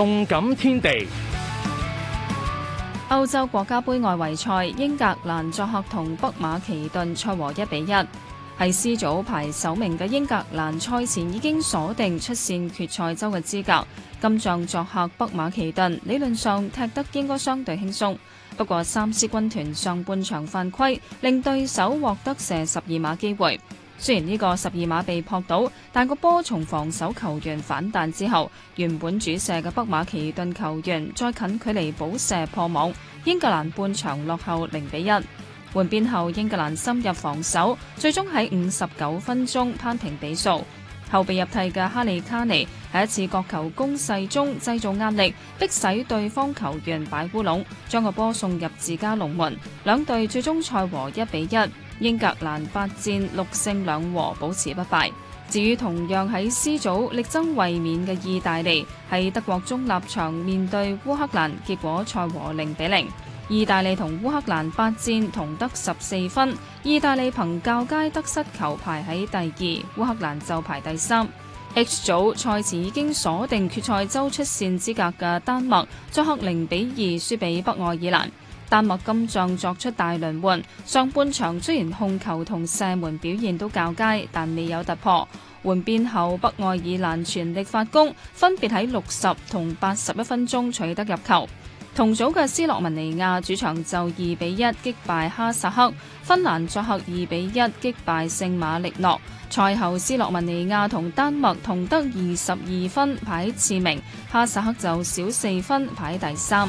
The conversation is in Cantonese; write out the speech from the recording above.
動感天地。歐洲國家盃外圍賽，英格蘭作客同北馬其頓賽和一比一，係 C 組排首名嘅英格蘭，賽前已經鎖定出線決賽周嘅資格。今仗作客北馬其頓，理論上踢得應該相對輕鬆。不過三獅軍團上半場犯規，令對手獲得射十二碼機會。雖然呢個十二碼被撲倒，但個波從防守球員反彈之後，原本主射嘅北馬其頓球員再近距離補射破網，英格蘭半場落後零比一。換邊後，英格蘭深入防守，最終喺五十九分鐘扳平比數。後備入替嘅哈利卡尼喺一次角球攻勢中製造壓力，迫使對方球員擺烏龍，將個波送入自家龍門，兩隊最終賽和一比一。英格蘭八戰六勝兩和，保持不敗。至於同樣喺 C 組力爭衛冕嘅意大利，喺德國中立場面對烏克蘭，結果賽和零比零。意大利同烏克蘭八戰同得十四分，意大利憑較佳得失球排喺第二，烏克蘭就排第三。H 組賽前已經鎖定決賽周出線資格嘅丹麥，作客零比二輸俾北愛爾蘭。丹麥今仗作出大輪換，上半場雖然控球同射門表現都較佳，但未有突破。換邊後，北愛爾蘭全力發攻，分別喺六十同八十一分鐘取得入球。同組嘅斯洛文尼亞主場就二比一擊敗哈薩克，芬蘭作客二比一擊敗聖馬力諾。賽後，斯洛文尼亞同丹麥同得二十二分，排次名；哈薩克就少四分，排第三。